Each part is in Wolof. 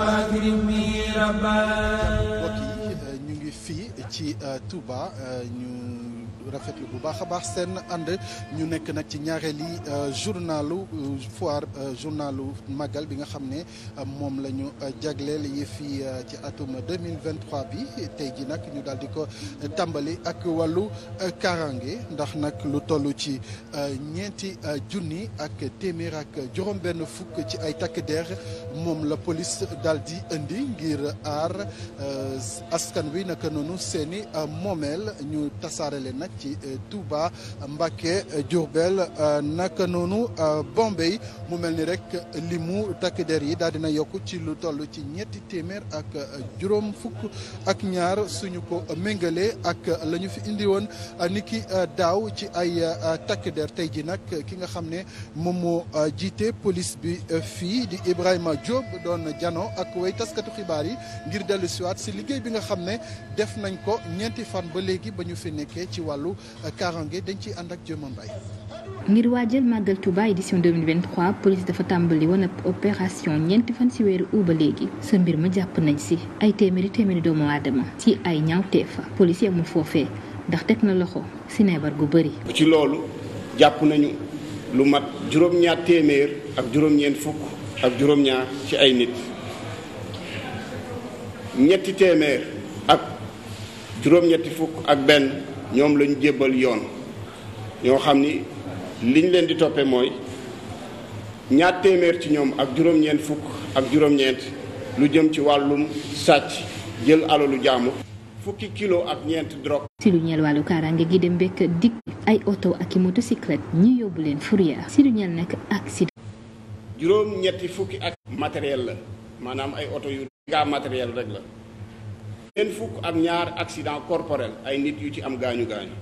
mbokk yi euh, ñu ngi fii ci euh, Touba euh, rafet rafetlu bu baax a baax seen ànd ñu nekk nag ci ñaareeli euh, journalu euh, foire euh, journalu màggal bi nga xam ne moom la ñu jagleel yi fii ci atum 2023 bi tey ji nag ñu daal di ko tàmbali ak wàllu kaaraange ndax nag lu toll ci ñeenti junni ak téeméer ak juróom-benn fukk ci ay takk der moom la police daal di indi ngir aar askan wi naka noonu seeni moomeel ñu tasaare leen nag ci euh, Touba Mbacké Diourbel euh, naka noonu euh, Bombay mu mel ni rek li mu takk der yi daal dina yokk ci lu toll ci ñetti téeméer ak juróom fukk ak ñaar suñu ko méngale ak la ñu fi indi woon niki daaw ci ay takk der tey ji nag ki nga xam ne moom moo jiite police bi fii di Ibrahima Diop doon jano ak way taskatu xibaar yi ngir dellu siwaat si liggéey bi nga xam ne def nañ ko ñeenti fan ba léegi ba ñu fi nekkee ci wàllu wàllu euh, kaaraange dañ ciy ànd ak Jéema Mbaye ngir waajal màggal Touba édition 2023 police dafa tàmbali woon ab opération ñeenti fan si weeru uba léegi sa mbir ma jàpp nañ si ay téeméeri téeméeri doomu aadama ci ay ñaawteefa police amul foofe ndax teg na loxo si neebar gu bëri. ci loolu jàpp nañu lu mat juróom-ñaar téeméer ak juróom ak juróom-ñaar ci ay nit ñetti téeméer ak juróom-ñetti fukk ak benn. ñoom lañu jébbal yoon ñoo xam ni liñ leen di toppee mooy ñaar téeméer ci ñoom ak juróom-ñeent fukk ak juróom-ñeent lu jëm ci wàllum sàcc jël alalu jaamu fukki kilo ak ñeent drogue ci lu ñeel wàllu kaaraange gi dem bekk dikk ay oto ak i ñi yóbbu leen fourrière si lu ñeel nag juróom-ñetti fukki ak matériel la maanaam ay oto yu gaa matériel rek la seen fukk ak ñaar accident corporel ay nit yu ci am gaañu gaañu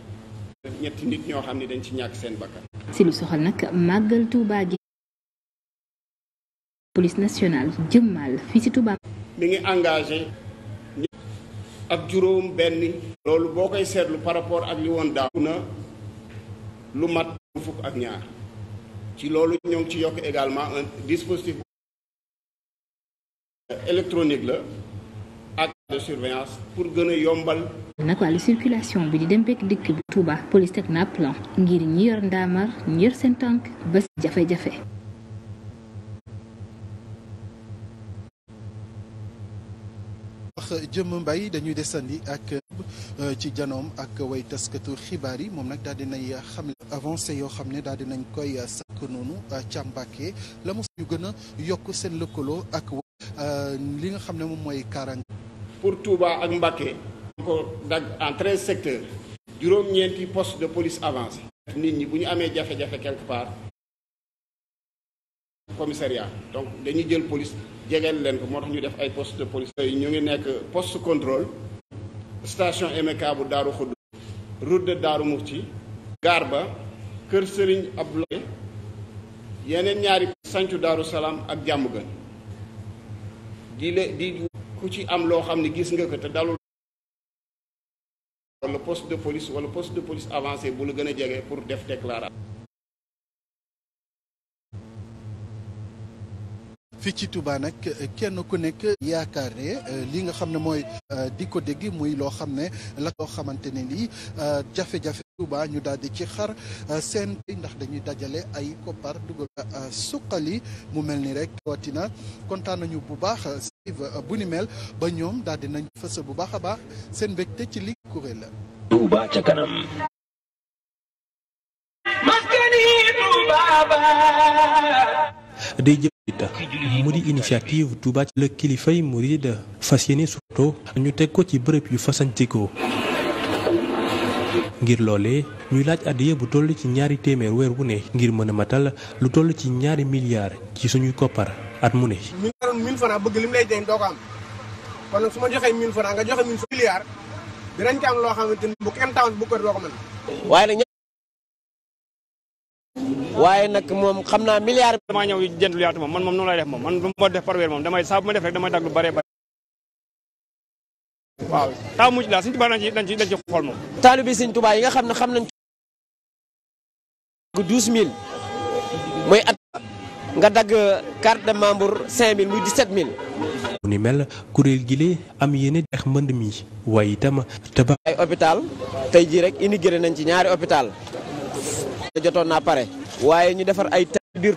ñetti nit ñoo xam ne dañ ci ñàkk seen bakkan si lu soxal nag màggal Touba gi police nationale jëmmal fii ci Touba mi ngi engage ak juróom benn loolu boo koy seetlu par rapport ak li woon daaw na lu mat fukk ak ñaar ci loolu ñoo ngi ci yokk également un dispositif électronique la de pour gën yombal. nag wàllu circulation bi di dem bekk dikk bi Touba police teg na plan tànk ba si jafe wax jëm mbay dañuy desandi ak ci janoom ak way taskatu xibaar yi moom nag daal dinay xam avancé yoo xam ne daal nañ koy sàkk noonu càmbaake la mos ñu gën a yokk seen lëkkaloo ak euh, li nga xam ne moom mooy kaaraange pour Touba ak Mbacké ko dagg en treize secteurs juróom-ñeenti poste de police avancé nit ñi bu ñu amee jafe-jafe quelque part commissariat donc dañuy jël police jegeel leen ko moo tax ñu def ay post de police ñu ngi nekk poste contrôle station MK bu Daaru Xudd route de Daaru Muxti gaar ba kër Sëriñ Abdoulaye yeneen ñaari sancu Daaru Salaam ak jàmm gën di di ku ci am loo xam ne gis nga ko te dalul wala poste de police wala poste de police avancé bu la gën a jege pour def déclaration. fii ci tubaa nag kenn ku nekk yaakaar ne euh, li nga xam ne mooy euh, di ko dégg muy loo xam ne la loo xamante ne lii euh, jafe-jafe tubaa ñu daal di ci xar seen ndax dañuy dajale ay koppar dugal suqali mu mel ni rek rawatina kontaan nañu bu baax. Euh, bu ni mel ba ñoom daal dinañ bu baax a baax seen ci li kuréel la. Touba ca kanam. mu di initiative Touba ci la kilifay murid fas yéene surtout ñu teg ko ci bërëb yu fasantikoo ngir loolee ñuy laaj àddiya bu toll ci ñaari téeméer weer wu ne ngir mën a matal lu toll ci ñaari milliards ci suñuy koppar at mu ne. am 1000 francs bëgg lim lay denc doo ko ma joxee 1000 nga joxe 1000 milliards dinañ loo xamante ni bu kenn tawoon bu ko doo ko mën. waaye nag nag moom xam naa milliard. damaa ñëw jënd lu yaatu moom man moom noonu lay def moom man lu ma def par moom damay saa bu ma def rek damay dagg lu bëree bëri. waaw taa mujj laa Sëñ Tuubaa dañ ci dañ ci dañ ci xool moom. taalibi Sëñ Tuubaa yi nga xam ne xam nañ. 12000 mooy at nga dagg carte de membre 5000 muy 17000. mu ni mel kuréel gi lee am yéene dex mbënd mi waaye itam ay hôpital tey jii rek inauguré nañ ci ñaari hôpital jotoon naa pare. waaye ñu defar ay tali biir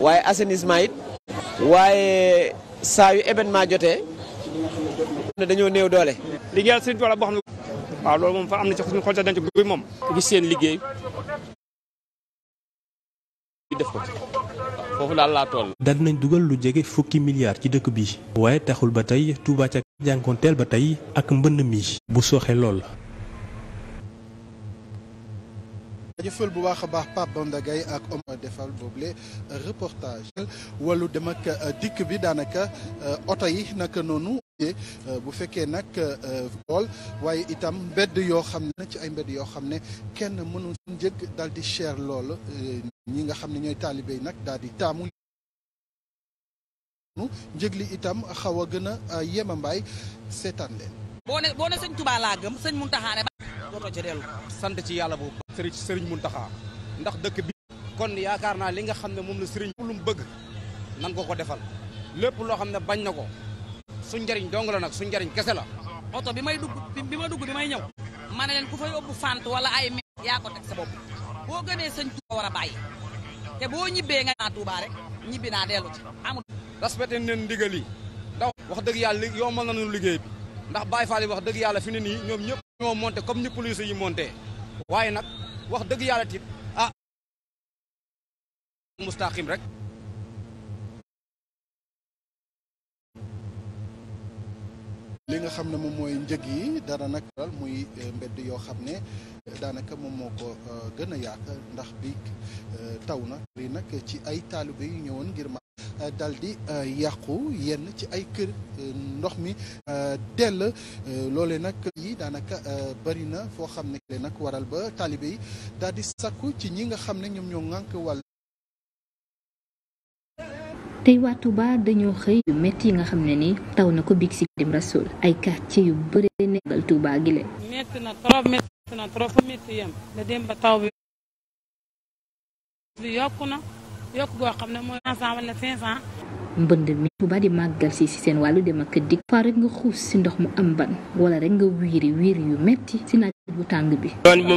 waaye assainissement it. waaye saa yu événement jotee. ne dañoo néew doole. liggéeyal Sëriñ Tuubaa boo xam ne. waaw loolu moom fa am na ci suñu xol sax dañ ci guy moom. gis seen liggéey. def ko foofu daal laa toll. dal nañ dugal lu jege fukki milliards ci dëkk bi. waaye taxul ba tey Touba ca jànkoonteel ba tey ak mbënd mi. bu sooxe lool. jëfal bu baax a baax Pape Banda Gaye ak Omar defal boobule reportage wàllu dem ak dikk bi daanaka euh, oto yi noonu Euh, bu fekkee nag bool euh, waaye itam mbedd yoo xam ne ci ay mbedd yoo xam ne kenn mënul njëg dal di cher lool euh, ñi nga xam ne ñooy taalibe yi nag daal di taamu njëg li itam xaw a gën a yemambaay seetaan leen boo ne boo ne sëñ Tuubaa laa gëm sëñ ci dellu sant ci yàlla bu sëriñ sëriñ Muntaxaa ndax dëkk bi kon yaakaar naa li nga xam ne moom la sëriñ lu mu bëgg nan ko ko defal lépp loo xam ne bañ na ko suñ njëriñ dong la nag suñ njëriñ kese la oto bi may dugg bi ma dugg bi may ñëw ma ne leen ku fa yóbbu fant wala ay m yaa ko teg sa bopp boo gënee sëñ Tuuba war a bàyyi te boo ñibbee nga naa Tuuba rek ñibbi naa dellu ci amul respecté nen ndigal yi ndax wax dëgg yàlla yombal nañu liggéey bi ndax baay Fall yi wax dëgg yàlla fi ne nii ñoom ñëpp ñoo monté comme ni police yi monté waaye nag wax dëgg yàlla tit ah mustaqim rek li nga xam ne moom mooy njëg yi dara nag dal muy euh, mbedd yoo xam ne euh, daanaka moom moo ko euh, gën a yàq ndax bi taw na nag ci ay taalibe yu ñëwoon ngir ma dal di yàqu yenn ci ay kër ndox mi dell loole nag yi daanaka bëri na foo xam ne nag waral ba taalibe yi daal di sàkku ci ñi nga xam ne ñoom ñoo ŋànk wàll tey waa Touba dañoo xëy yu métti yi nga xam ne nii taw na ko big si dem rasul ay quartier yu bëri nekkal Touba gi la. métti na trop métti na trop dem ba taw bi yokku na yokku goo xam ne mooy 500 wala 500. mbënd mi Touba di si si seen wàllu dem ak dikk nga xuus si ndox mu am ban wala rek nga wiiri wiiri yu métti si naaj bu tàng bi. yoon bi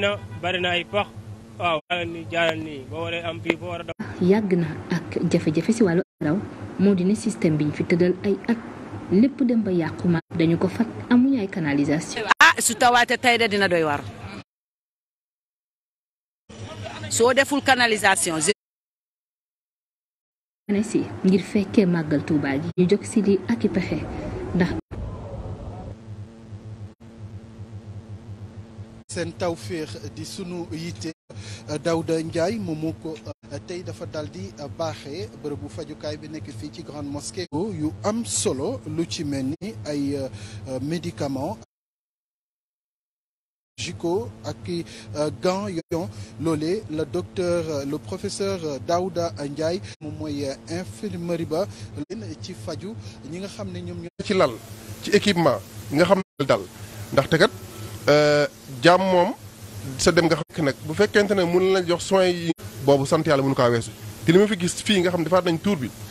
na. bari ay pax. waaw jaaral nii jaaral yàgg na ak jafe-jafe si wàllu raw moo di ne système bi ñu fi tëddal ay at lépp dem ba yàqu ma dañu ko fat amuñu ay canalisation. ah su tawaatee tey de dina doy war soo deful si ngir fekkee màggal Tuubaa gi ñu jóg di ak pexe ndax. seen Daouda Ndiaye moom moo ko euh, tey dafa daal di euh, baaxee bërëbu fajukaay bi nekk fii ci grande mosquée yu am solo lu ci mel ni ay euh, médicament jiko ak gants yoon loolee la docteur le professeur Daouda Ndiaye moom mooy infirmerie ba leen ci faju ñi nga xam ne ñoom ñoo ci lal ci équipement nga xam ne dal ndaxte kat jàmm moom sa dem nga xam nag bu fekkente ne mun la jox soins yi. boobu sant yàlla mënu kaa weesu te li ma fi gis fii nga xam defaat nañ tour bi.